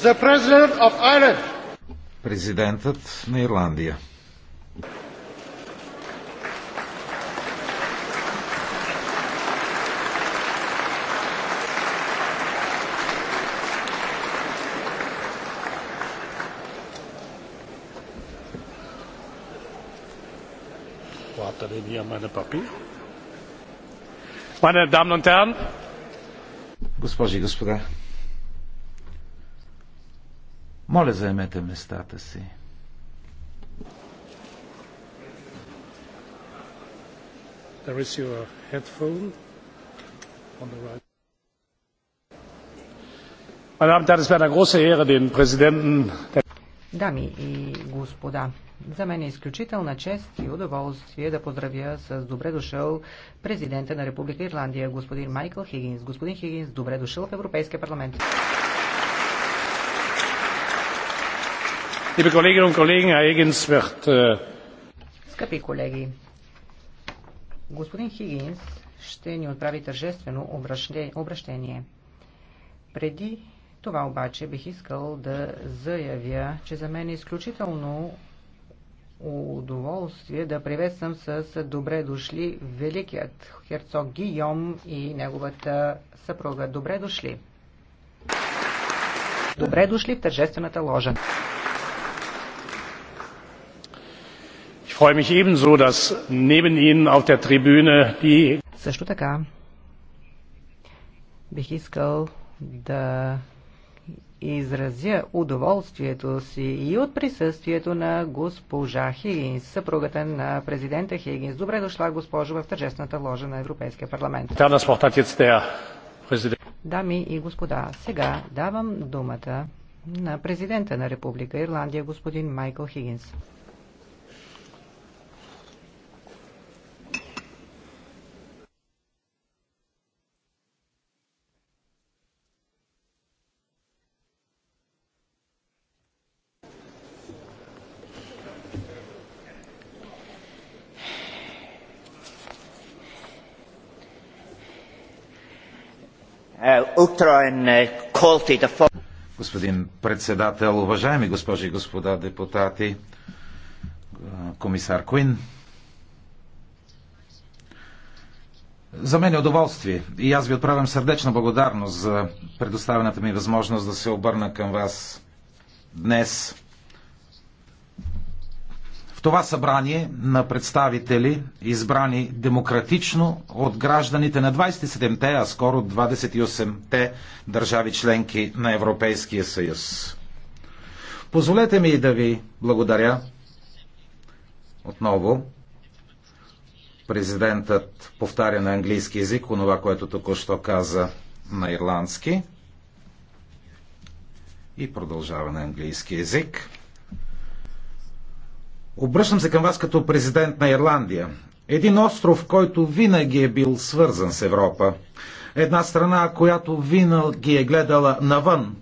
The President of Ireland. Президентът на Ирландия. Warte, denn hier meine Papier. Meine Damen und Herren. Госпожи и господа, моля, заемете местата си. There is your headphone on the right. Meine Damen und Herren, es wäre eine große Ehre, den Präsidenten der Дами и господа, за мен е изключителна чест и удоволствие да поздравя с добре дошъл президента на Република Ирландия, господин Майкъл Хигинс. Господин Хигинс, добре дошъл в Европейския парламент. Liebe Kolleginnen und Kollegen, Herr Higgins wird... Äh, Скъпи колеги, господин Хигинс ще ни отправи тържествено обращение. Преди това обаче бих искал да заявя, че за мен е изключително удоволствие да приветствам с добре дошли великият херцог Гийом и неговата съпруга. Добре дошли! Добре дошли в тържествената ложа! freue mich ebenso, dass neben Ihnen auf der Tribüne die... Също така, бих искал да изразя удоволствието си и от присъствието на госпожа Хигинс, съпругата на президента Хигинс. Добре дошла, госпожо, в тържествената ложа на Европейския парламент. Е Дами и господа, сега давам думата на президента на Република Ирландия, господин Майкъл Хигинс. Господин председател, уважаеми госпожи и господа депутати, комисар Куин, за мен е удоволствие и аз ви отправям сърдечна благодарност за предоставената ми възможност да се обърна към вас днес това събрание на представители, избрани демократично от гражданите на 27-те, а скоро 28-те държави членки на Европейския съюз. Позволете ми да ви благодаря отново. Президентът повтаря на английски язик онова, което току-що каза на ирландски и продължава на английски язик. Обръщам се към вас като президент на Ирландия. Един остров, който винаги е бил свързан с Европа. Една страна, която винаги е гледала навън.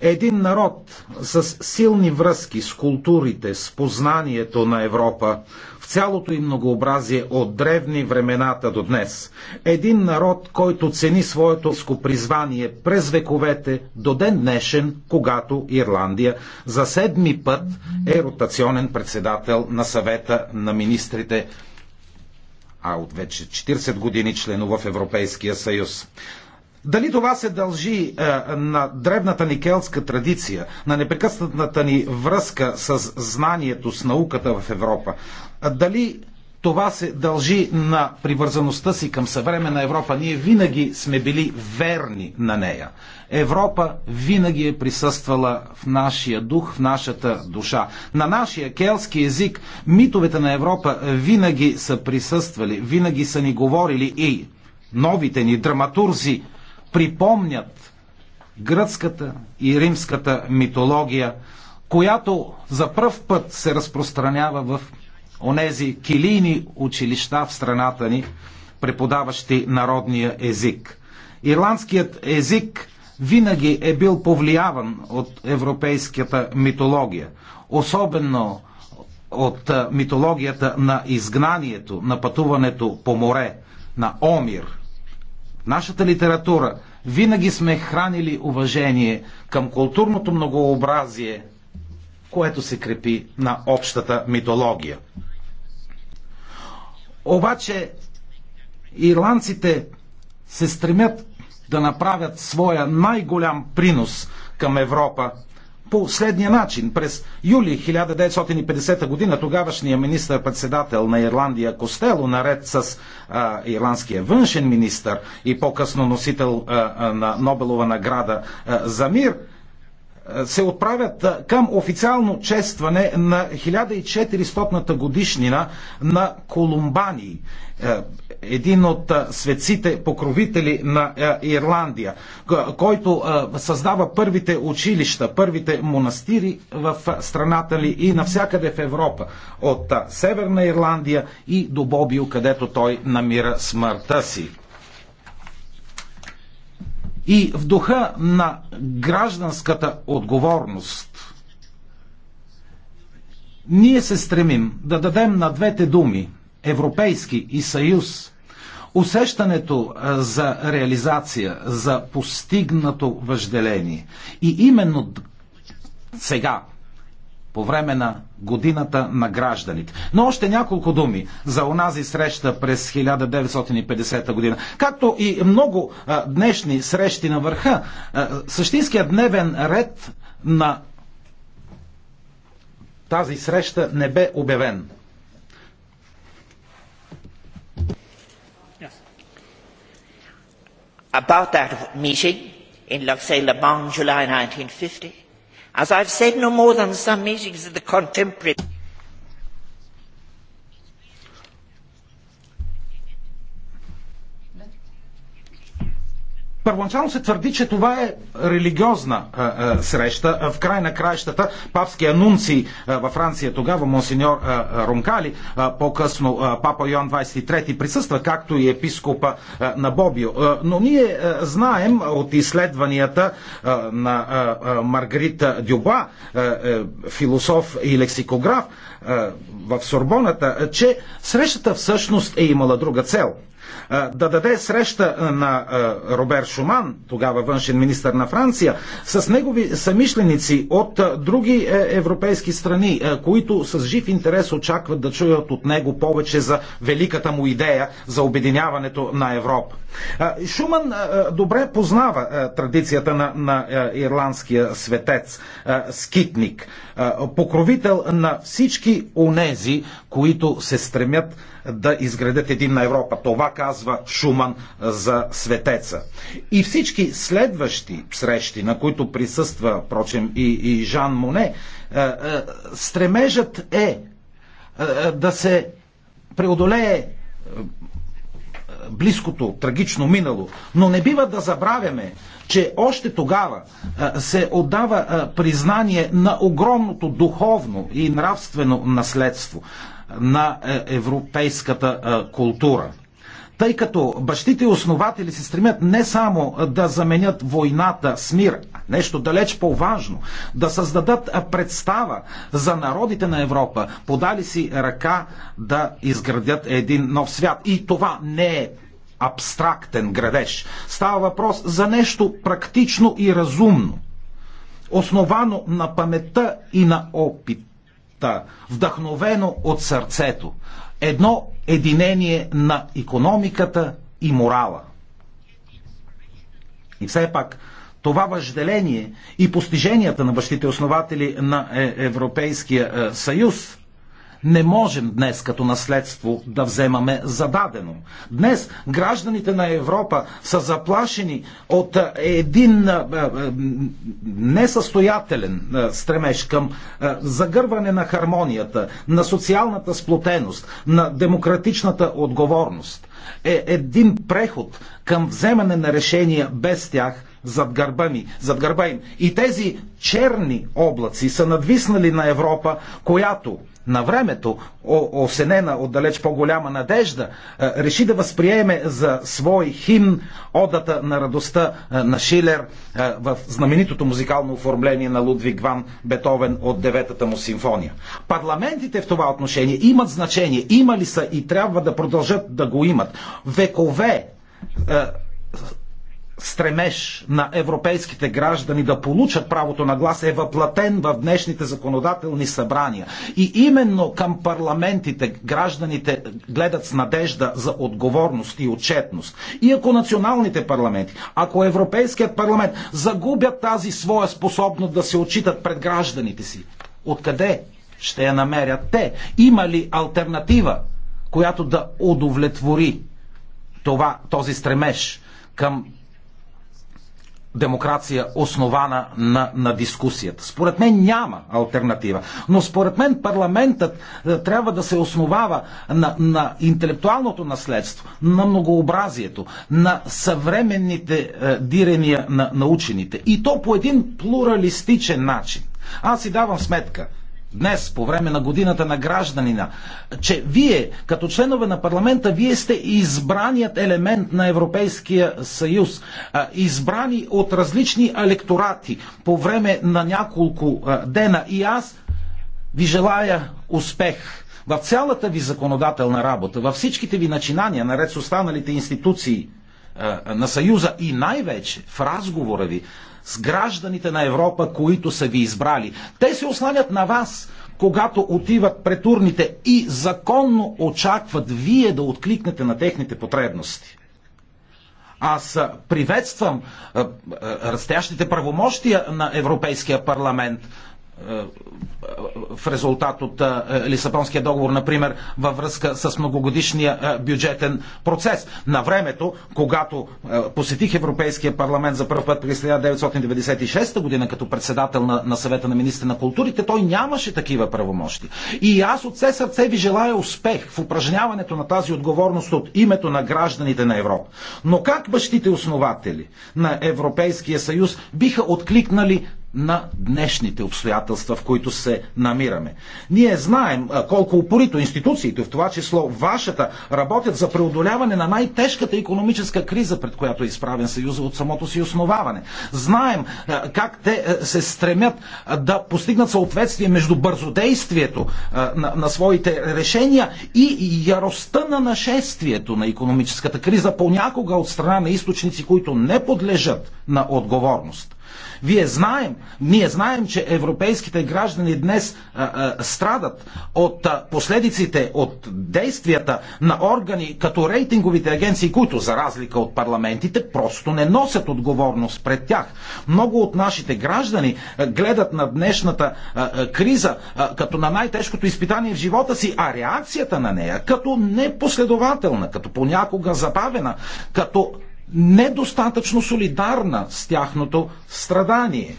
Един народ с силни връзки с културите, с познанието на Европа, цялото им многообразие от древни времената до днес. Един народ, който цени своето призвание през вековете до ден днешен, когато Ирландия за седми път е ротационен председател на съвета на министрите а от вече 40 години членува в Европейския съюз. Дали това се дължи е, на древната ни келтска традиция, на непрекъснатата ни връзка с знанието, с науката в Европа? Дали това се дължи на привързаността си към съвременна Европа? Ние винаги сме били верни на нея. Европа винаги е присъствала в нашия дух, в нашата душа. На нашия келски език митовете на Европа винаги са присъствали, винаги са ни говорили и новите ни драматурзи припомнят гръцката и римската митология, която за пръв път се разпространява в онези килийни училища в страната ни, преподаващи народния език. Ирландският език винаги е бил повлияван от европейската митология, особено от митологията на изгнанието, на пътуването по море, на Омир – нашата литература, винаги сме хранили уважение към културното многообразие, което се крепи на общата митология. Обаче ирландците се стремят да направят своя най-голям принос към Европа по следния начин. През юли 1950 г. тогавашният министър-председател на Ирландия Костело, наред с а, ирландския външен министър и по-късно носител а, а, на Нобелова награда а, за мир, се отправят към официално честване на 1400-та годишнина на Колумбани, един от светците покровители на Ирландия, който създава първите училища, първите монастири в страната ли и навсякъде в Европа, от Северна Ирландия и до Бобио, където той намира смъртта си. И в духа на гражданската отговорност ние се стремим да дадем на двете думи европейски и съюз усещането за реализация, за постигнато въжделение. И именно сега, по време на годината на гражданите. Но още няколко думи за онази среща през 1950 година. Както и много а, днешни срещи на върха, същинският дневен ред на тази среща не бе обявен. About that meeting in Luxembourg, July 1950, As I've said no more than some meetings of the contemporary... Първоначално се твърди, че това е религиозна а, а, среща. В край на краищата папски анунци а, във Франция тогава, монсеньор Ронкали, а, по-късно а, папа Йоан 23 присъства, както и епископа а, на Бобио. А, но ние а, знаем от изследванията а, на а, а, Маргарита Дюба, а, а, философ и лексикограф а, в Сорбоната, а, че срещата всъщност е имала друга цел – да даде среща на Робер Шуман, тогава външен министр на Франция, с негови самишленици от други е, европейски страни, които с жив интерес очакват да чуят от него повече за великата му идея за обединяването на Европа. Шуман добре познава традицията на, на ирландския светец, скитник, покровител на всички онези, които се стремят да изградят на Европа. Това казва Шуман за светеца. И всички следващи срещи, на които присъства, впрочем, и, и Жан Моне, стремежът е да се преодолее близкото, трагично минало. Но не бива да забравяме, че още тогава се отдава признание на огромното духовно и нравствено наследство на е, европейската е, култура. Тъй като бащите и основатели се стремят не само да заменят войната с мир, нещо далеч по-важно, да създадат е, представа за народите на Европа, подали си ръка да изградят един нов свят. И това не е абстрактен градеж. Става въпрос за нещо практично и разумно, основано на паметта и на опит общността, вдъхновено от сърцето. Едно единение на економиката и морала. И все пак, това въжделение и постиженията на бащите основатели на е, Европейския е, съюз не можем днес като наследство да вземаме зададено. Днес гражданите на Европа са заплашени от един несъстоятелен стремеж към загърване на хармонията, на социалната сплотеност, на демократичната отговорност. Е, един преход към вземане на решения без тях – зад гърба ми, зад гърба им. И тези черни облаци са надвиснали на Европа, която на времето, осенена от далеч по-голяма надежда, е, реши да възприеме за свой химн одата на радостта е, на Шилер е, в знаменитото музикално оформление на Лудвиг Ван Бетовен от деветата му симфония. Парламентите в това отношение имат значение, имали са и трябва да продължат да го имат. Векове стремеж на европейските граждани да получат правото на глас е въплатен в днешните законодателни събрания. И именно към парламентите гражданите гледат с надежда за отговорност и отчетност. И ако националните парламенти, ако Европейският парламент загубят тази своя способност да се отчитат пред гражданите си, откъде ще я намерят те? Има ли альтернатива, която да удовлетвори това, този стремеж към демокрация основана на, на дискусията. Според мен няма альтернатива. Но според мен парламентът е, трябва да се основава на, на интелектуалното наследство, на многообразието, на съвременните е, дирения на, на учените. И то по един плуралистичен начин. Аз си давам сметка, днес, по време на годината на гражданина, че вие, като членове на парламента, вие сте избраният елемент на Европейския съюз, избрани от различни електорати по време на няколко дена. И аз ви желая успех в цялата ви законодателна работа, във всичките ви начинания, наред с останалите институции – е, е, на Съюза и най-вече в разговора ви с гражданите на Европа, които са ви избрали. Те се осланят на вас, когато отиват пред урните и законно очакват вие да откликнете на техните потребности. Аз е, приветствам растящите правомощия на Европейския парламент е, в резултат от е, Лисабонския договор, например, във връзка с многогодишния е, бюджетен процес. На времето, когато посетих Европейския парламент за първ път през 1996 година като председател на, на съвета на министри на културите, той нямаше такива правомощи. И аз от все сърце ви желая успех в упражняването на тази отговорност от името на гражданите на Европа. Но как бащите основатели на Европейския съюз биха откликнали на днешните обстоятелства, в които се намираме. Ние знаем колко упорито институциите, в това число вашата, работят за преодоляване на най-тежката економическа криза, пред която е изправен Съюза от самото си основаване. Знаем как те се стремят да постигнат съответствие между бързодействието на, на своите решения и яростта на нашествието на економическата криза, понякога от страна на източници, които не подлежат на отговорност. Вие знаем, ние знаем, че европейските граждани днес а, а, страдат от а, последиците, от действията на органи като рейтинговите агенции, които за разлика от парламентите просто не носят отговорност пред тях. Много от нашите граждани а, гледат на днешната а, а, криза а, като на най-тежкото изпитание в живота си, а реакцията на нея като непоследователна, като понякога забавена, като недостатъчно солидарна с тяхното страдание.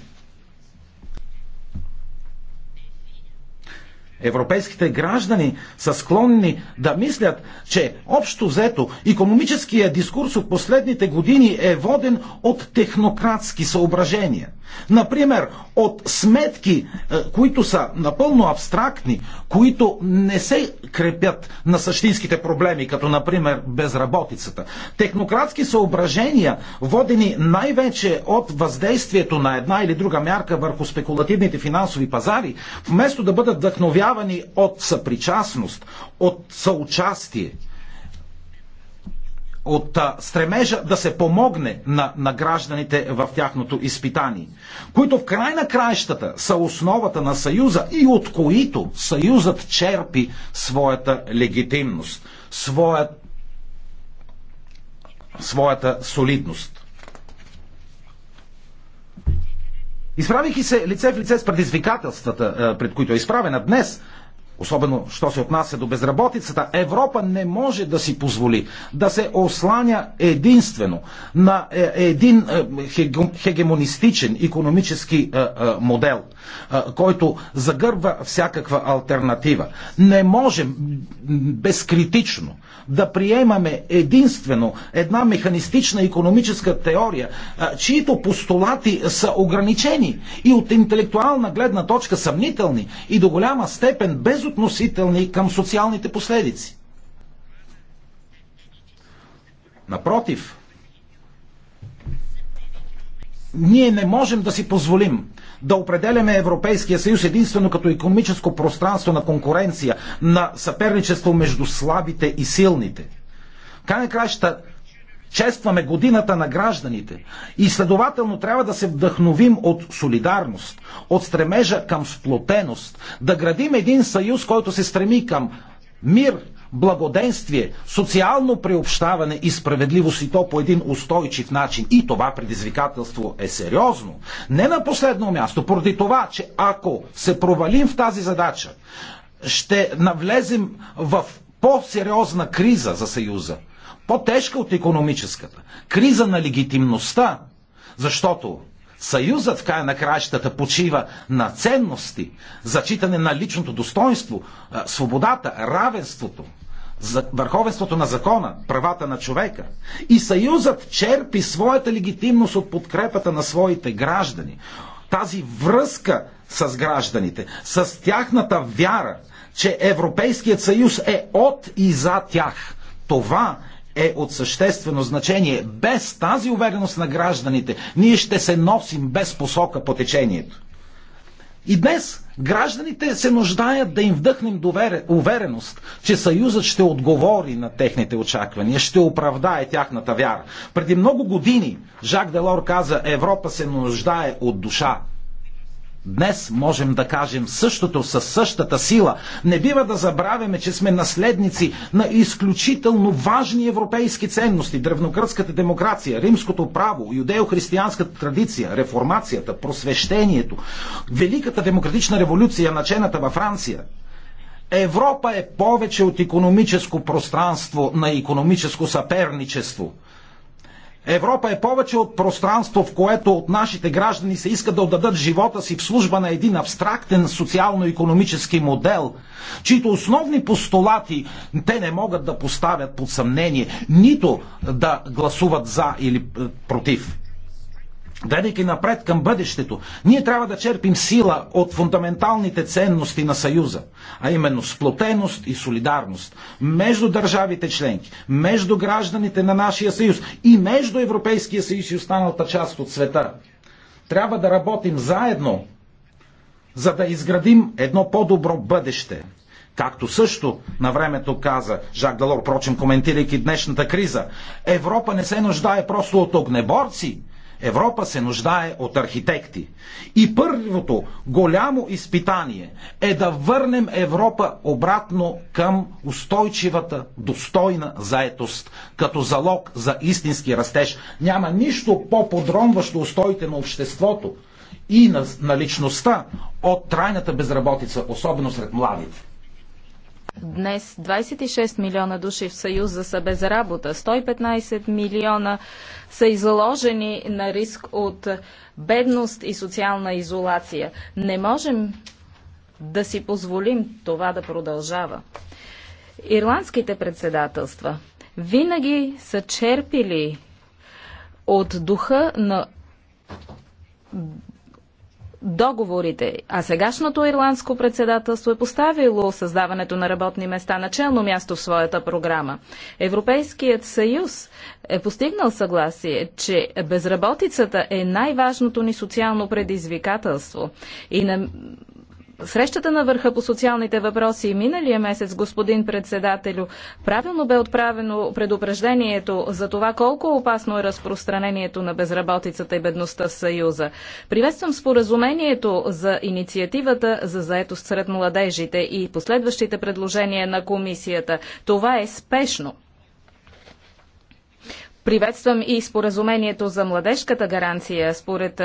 Европейските граждани са склонни да мислят, че общо взето економическия дискурс от последните години е воден от технократски съображения – Например, от сметки, е, които са напълно абстрактни, които не се крепят на същинските проблеми, като например безработицата. Технократски съображения, водени най-вече от въздействието на една или друга мярка върху спекулативните финансови пазари, вместо да бъдат вдъхновявани от съпричастност, от съучастие от стремежа да се помогне на, на гражданите в тяхното изпитание, които в край на краищата са основата на Съюза и от които Съюзът черпи своята легитимност, своя, своята солидност. Изправихи се лице в лице с предизвикателствата, пред които е изправена днес, особено що се отнася до безработицата, Европа не може да си позволи да се осланя единствено на е, един е, хегемонистичен економически е, модел – който загърбва всякаква альтернатива. Не можем безкритично да приемаме единствено една механистична економическа теория, чието постулати са ограничени и от интелектуална гледна точка съмнителни и до голяма степен безотносителни към социалните последици. Напротив, ние не можем да си позволим да определяме Европейския съюз единствено като економическо пространство на конкуренция, на съперничество между слабите и силните. Край на краща, честваме годината на гражданите и следователно трябва да се вдъхновим от солидарност, от стремежа към сплотеност, да градим един съюз, който се стреми към мир, благоденствие, социално приобщаване и справедливост и то по един устойчив начин. И това предизвикателство е сериозно. Не на последно място, поради това, че ако се провалим в тази задача, ще навлезем в по-сериозна криза за Съюза, по-тежка от економическата, криза на легитимността, защото Съюзът в края на краищата почива на ценности, зачитане на личното достоинство, свободата, равенството, за върховенството на закона, правата на човека. И Съюзът черпи своята легитимност от подкрепата на своите граждани. Тази връзка с гражданите, с тяхната вяра, че Европейският съюз е от и за тях. Това е от съществено значение. Без тази увереност на гражданите ние ще се носим без посока по течението. И днес Гражданите се нуждаят да им вдъхнем довере, увереност, че Съюзът ще отговори на техните очаквания, ще оправдае тяхната вяра. Преди много години Жак Делор каза Европа се нуждае от душа, Днес можем да кажем същото със същата сила. Не бива да забравяме, че сме наследници на изключително важни европейски ценности. Древногръцката демокрация, римското право, юдеохристиянската традиция, реформацията, просвещението, великата демократична революция, начената във Франция. Европа е повече от економическо пространство на економическо съперничество – Европа е повече от пространство, в което от нашите граждани се иска да отдадат живота си в служба на един абстрактен социално-економически модел, чието основни постулати те не могат да поставят под съмнение, нито да гласуват за или е, против гледайки напред към бъдещето, ние трябва да черпим сила от фундаменталните ценности на Съюза, а именно сплотеност и солидарност между държавите членки, между гражданите на нашия съюз и между Европейския съюз и останалата част от света. Трябва да работим заедно, за да изградим едно по-добро бъдеще. Както също на времето каза Жак Далор, прочим коментирайки днешната криза, Европа не се нуждае просто от огнеборци, Европа се нуждае от архитекти. И първото голямо изпитание е да върнем Европа обратно към устойчивата, достойна заетост, като залог за истински растеж. Няма нищо по-подронващо устоите на обществото и на, на личността от трайната безработица, особено сред младите. Днес 26 милиона души в Съюза са без работа, 115 милиона са изложени на риск от бедност и социална изолация. Не можем да си позволим това да продължава. Ирландските председателства винаги са черпили от духа на договорите. А сегашното ирландско председателство е поставило създаването на работни места на челно място в своята програма. Европейският съюз е постигнал съгласие, че безработицата е най-важното ни социално предизвикателство и на срещата на върха по социалните въпроси миналия месец, господин председателю, правилно бе отправено предупреждението за това колко опасно е разпространението на безработицата и бедността в Съюза. Приветствам споразумението за инициативата за заетост сред младежите и последващите предложения на комисията. Това е спешно. Приветствам и споразумението за младежката гаранция, според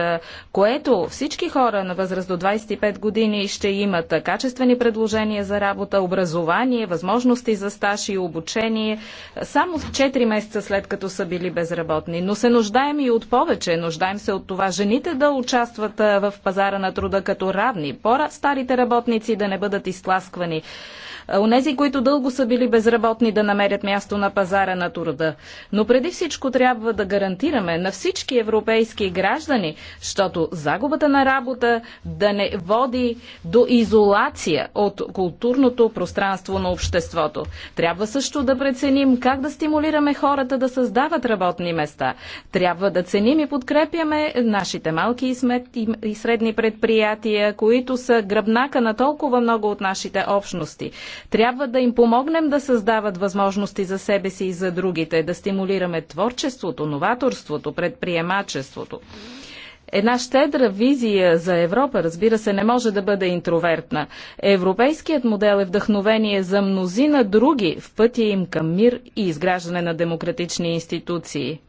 което всички хора на възраст до 25 години ще имат качествени предложения за работа, образование, възможности за стаж и обучение, само 4 месеца след като са били безработни. Но се нуждаем и от повече. Нуждаем се от това жените да участват в пазара на труда като равни, по-старите работници да не бъдат изтласквани. Онези, които дълго са били безработни, да намерят място на пазара на труда. Но преди всичко всичко трябва да гарантираме на всички европейски граждани, защото загубата на работа да не води до изолация от културното пространство на обществото. Трябва също да преценим как да стимулираме хората да създават работни места. Трябва да ценим и подкрепяме нашите малки и средни предприятия, които са гръбнака на толкова много от нашите общности. Трябва да им помогнем да създават възможности за себе си и за другите, да стимулираме творчеството творчеството, новаторството, предприемачеството. Една щедра визия за Европа, разбира се, не може да бъде интровертна. Европейският модел е вдъхновение за мнозина други в пътя им към мир и изграждане на демократични институции.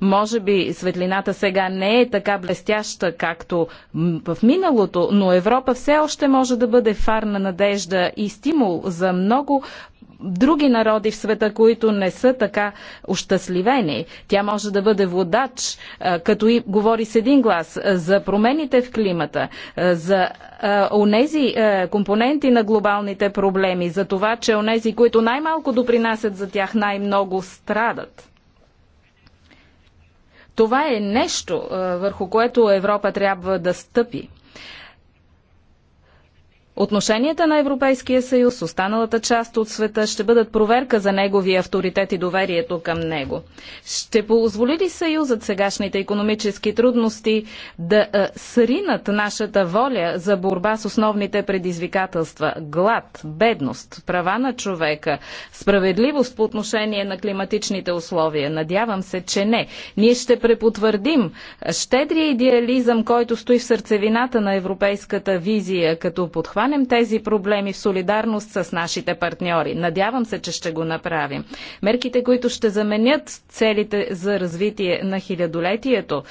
Може би светлината сега не е така блестяща, както в миналото, но Европа все още може да бъде фар на надежда и стимул за много други народи в света, които не са така ощастливени. Тя може да бъде водач, като и говори с един глас за промените в климата, за онези компоненти на глобалните проблеми, за това, че онези, които най-малко допринасят за тях, най-много страдат. Това е нещо, върху което Европа трябва да стъпи. Отношенията на Европейския съюз с останалата част от света ще бъдат проверка за неговия авторитет и доверието към него. Ще позволи ли съюзът сегашните економически трудности да а, е, сринат нашата воля за борба с основните предизвикателства – глад, бедност, права на човека, справедливост по отношение на климатичните условия? Надявам се, че не. Ние ще препотвърдим щедрия идеализъм, който стои в сърцевината на европейската визия, като подхване обхванем тези проблеми в солидарност с нашите партньори. Надявам се, че ще го направим. Мерките, които ще заменят целите за развитие на хилядолетието,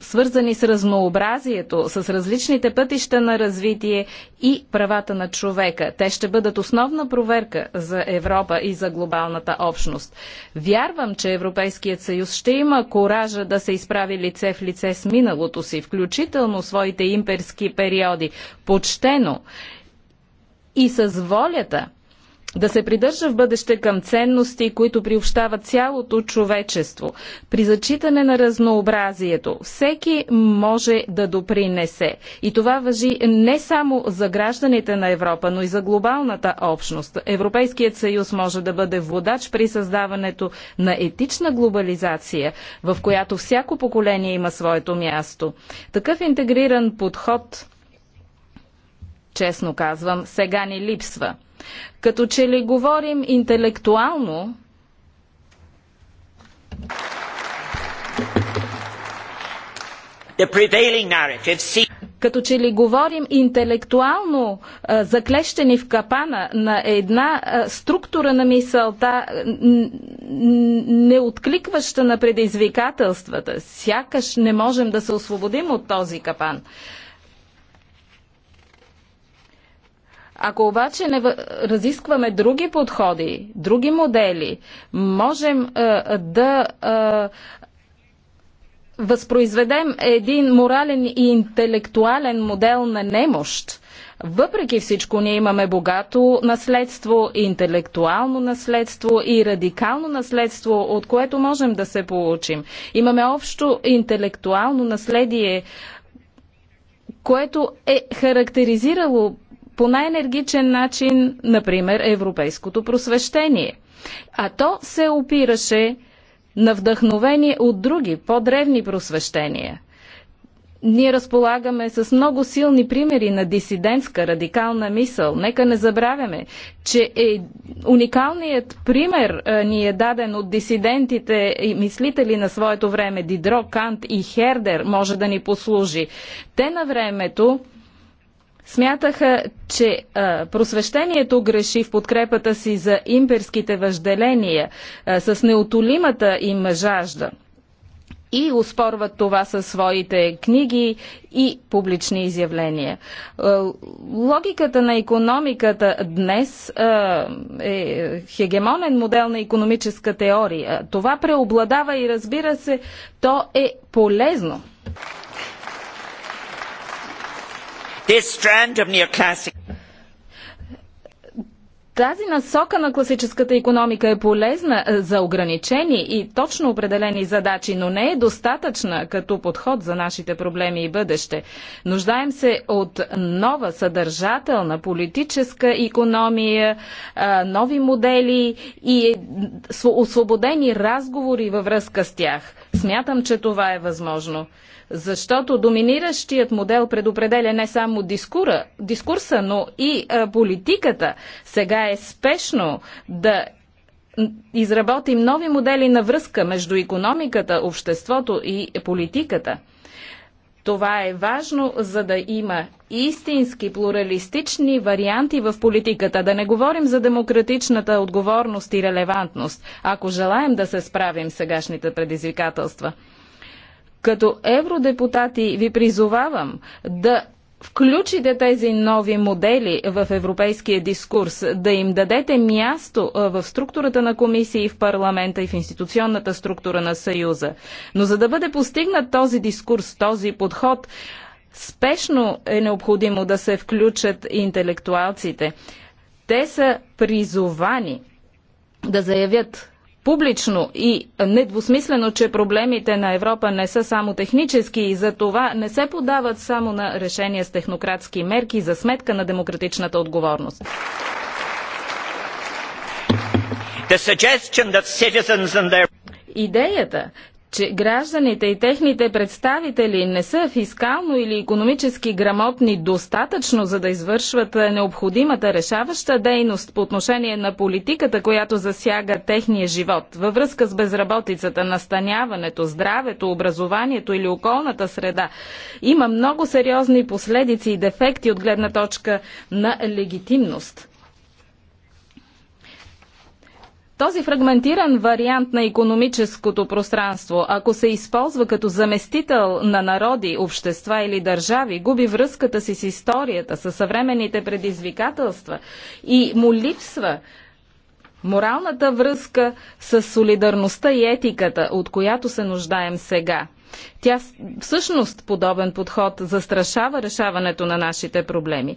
свързани с разнообразието, с различните пътища на развитие и правата на човека. Те ще бъдат основна проверка за Европа и за глобалната общност. Вярвам, че Европейският съюз ще има коража да се изправи лице в лице с миналото си, включително своите имперски периоди, почтен ценно и с волята да се придържа в бъдеще към ценности, които приобщават цялото човечество, при зачитане на разнообразието, всеки може да допринесе. И това въжи не само за гражданите на Европа, но и за глобалната общност. Европейският съюз може да бъде водач при създаването на етична глобализация, в която всяко поколение има своето място. Такъв интегриран подход честно казвам, сега ни липсва. Като че ли говорим интелектуално, като че ли говорим интелектуално заклещени в капана на една структура на мисълта, неоткликваща на предизвикателствата. Сякаш не можем да се освободим от този капан. Ако обаче не разискваме други подходи, други модели, можем а, е, да а, е, възпроизведем един морален и интелектуален модел на немощ. Въпреки всичко, ние имаме богато наследство, интелектуално наследство и радикално наследство, от което можем да се получим. Имаме общо интелектуално наследие, което е характеризирало по най-енергичен начин, например, европейското просвещение. А то се опираше на вдъхновение от други, по-древни просвещения. Ние разполагаме с много силни примери на дисидентска радикална мисъл. Нека не забравяме, че е уникалният пример а, ни е даден от дисидентите и мислители на своето време. Дидро, Кант и Хердер може да ни послужи. Те на времето Смятаха, че а, просвещението греши в подкрепата си за имперските въжделения а, с неотолимата им жажда и успорват това със своите книги и публични изявления. Логиката на економиката днес е хегемонен модел на економическа теория. Това преобладава и разбира се, то е полезно. This strand of neoclassic тази насока на класическата економика е полезна е, за ограничени и точно определени задачи, но не е достатъчна като подход за нашите проблеми и бъдеще. Нуждаем се от нова съдържателна политическа економия, е, нови модели и е, освободени разговори във връзка с тях – Смятам, че това е възможно, защото доминиращият модел предопределя не само дискура, дискурса, но и а, политиката. Сега е спешно да изработим нови модели на връзка между економиката, обществото и политиката. Това е важно, за да има истински плуралистични варианти в политиката. Да не говорим за демократичната отговорност и релевантност, ако желаем да се справим с сегашните предизвикателства. Като евродепутати ви призовавам да включите тези нови модели в европейския дискурс, да им дадете място в структурата на комисии в парламента и в институционната структура на Съюза. Но за да бъде постигнат този дискурс, този подход, Спешно е необходимо да се включат интелектуалците. Те са призовани да заявят публично и недвусмислено, че проблемите на Европа не са само технически и за това не се подават само на решения с технократски мерки за сметка на демократичната отговорност. Their... Идеята, че гражданите и техните представители не са фискално или економически грамотни достатъчно, за да извършват необходимата решаваща дейност по отношение на политиката, която засяга техния живот, във връзка с безработицата, настаняването, здравето, образованието или околната среда, има много сериозни последици и дефекти от гледна точка на легитимност. Този фрагментиран вариант на економическото пространство, ако се използва като заместител на народи, общества или държави, губи връзката си с историята, с съвременните предизвикателства и му липсва моралната връзка с солидарността и етиката, от която се нуждаем сега. Тя всъщност подобен подход застрашава решаването на нашите проблеми.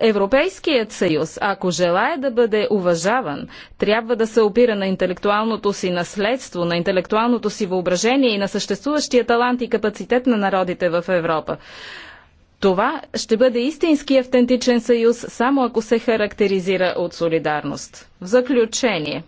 Европейският съюз, ако желая да бъде уважаван, трябва да се опира на интелектуалното си наследство, на интелектуалното си въображение и на съществуващия талант и капацитет на народите в Европа. Това ще бъде истински автентичен съюз, само ако се характеризира от солидарност. В заключение.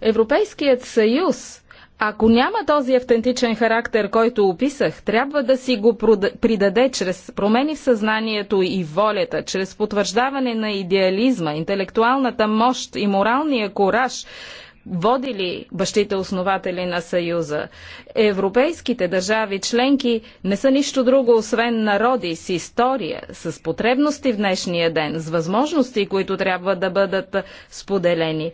Европейският съюз ако няма този автентичен характер, който описах, трябва да си го придаде чрез промени в съзнанието и волята, чрез потвърждаване на идеализма, интелектуалната мощ и моралния кораж, водили бащите основатели на Съюза. Европейските държави членки не са нищо друго, освен народи с история, с потребности в днешния ден, с възможности, които трябва да бъдат споделени.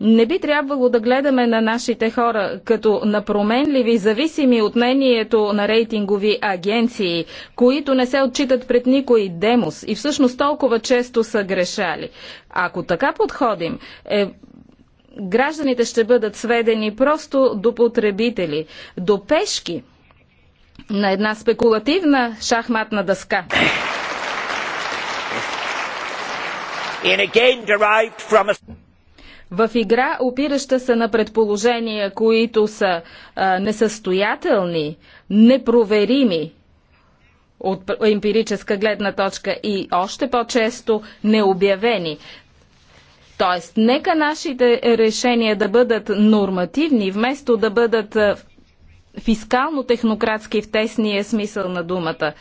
Не би трябвало да гледаме на нашите хора като напроменливи, зависими от мнението на рейтингови агенции, които не се отчитат пред никой демос и всъщност толкова често са грешали. Ако така подходим, е, гражданите ще бъдат сведени просто до потребители, до пешки на една спекулативна шахматна дъска. In a game derived from a в игра, опираща се на предположения, които са а, несъстоятелни, непроверими от емпирическа гледна точка и още по-често необявени. Тоест, нека нашите решения да бъдат нормативни, вместо да бъдат фискално-технократски в тесния смисъл на думата.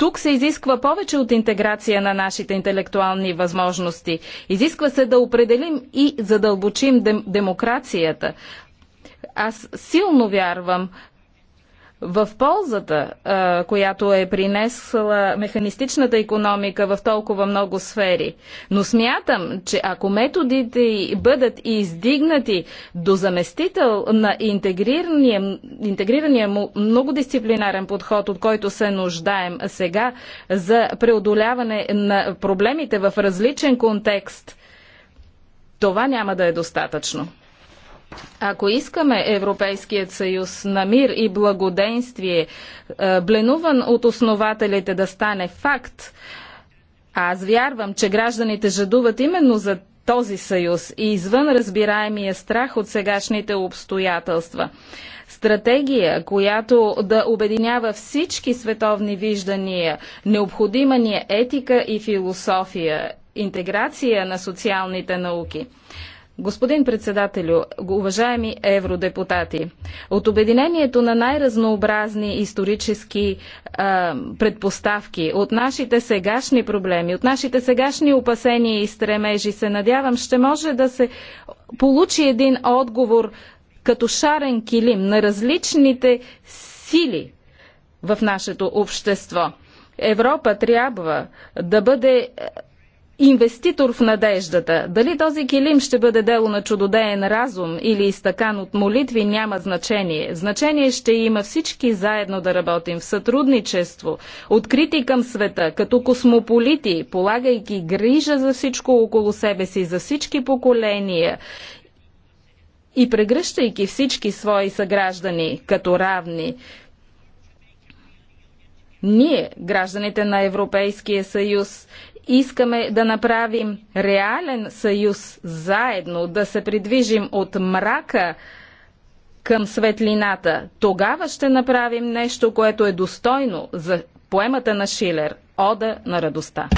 Тук се изисква повече от интеграция на нашите интелектуални възможности. Изисква се да определим и задълбочим демокрацията. Аз силно вярвам в ползата, която е принесла механистичната економика в толкова много сфери. Но смятам, че ако методите бъдат издигнати до заместител на интегрирания, интегрирания многодисциплинарен подход, от който се нуждаем сега за преодоляване на проблемите в различен контекст, това няма да е достатъчно. Ако искаме Европейският съюз на мир и благоденствие, е, бленуван от основателите да стане факт, аз вярвам, че гражданите жадуват именно за този съюз и извън разбираемия страх от сегашните обстоятелства. Стратегия, която да обединява всички световни виждания, необходима ни е етика и философия, интеграция на социалните науки. Господин председателю, уважаеми евродепутати, от обединението на най-разнообразни исторически а, предпоставки, от нашите сегашни проблеми, от нашите сегашни опасения и стремежи, се надявам, ще може да се получи един отговор като шарен килим на различните сили в нашето общество. Европа трябва да бъде инвеститор в надеждата. Дали този килим ще бъде дело на чудодеен разум или изтъкан от молитви, няма значение. Значение ще има всички заедно да работим в сътрудничество, открити към света, като космополити, полагайки грижа за всичко около себе си, за всички поколения и прегръщайки всички свои съграждани като равни. Ние, гражданите на Европейския съюз, искаме да направим реален съюз заедно, да се придвижим от мрака към светлината. Тогава ще направим нещо, което е достойно за поемата на Шилер – Ода на радостта.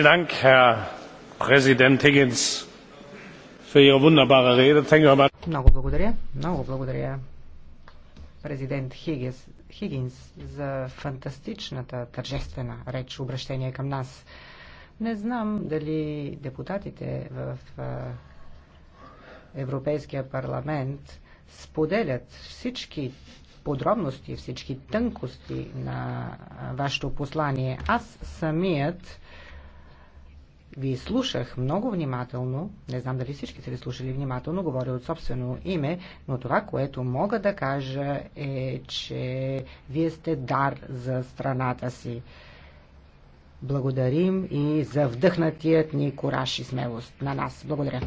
vielen dank herr präsident higgins für ihre wunderbare rede. Много благодаря. Много благодаря, президент Хигинс, за фантастичната тържествена реч, обращение към нас. Не знам дали депутатите в Европейския парламент споделят всички подробности, всички тънкости на вашето послание. Аз самият ви слушах много внимателно, не знам дали всички са ви слушали внимателно, говоря от собствено име, но това, което мога да кажа е, че вие сте дар за страната си. Благодарим и за вдъхнатият ни кураж и смелост на нас. Благодаря.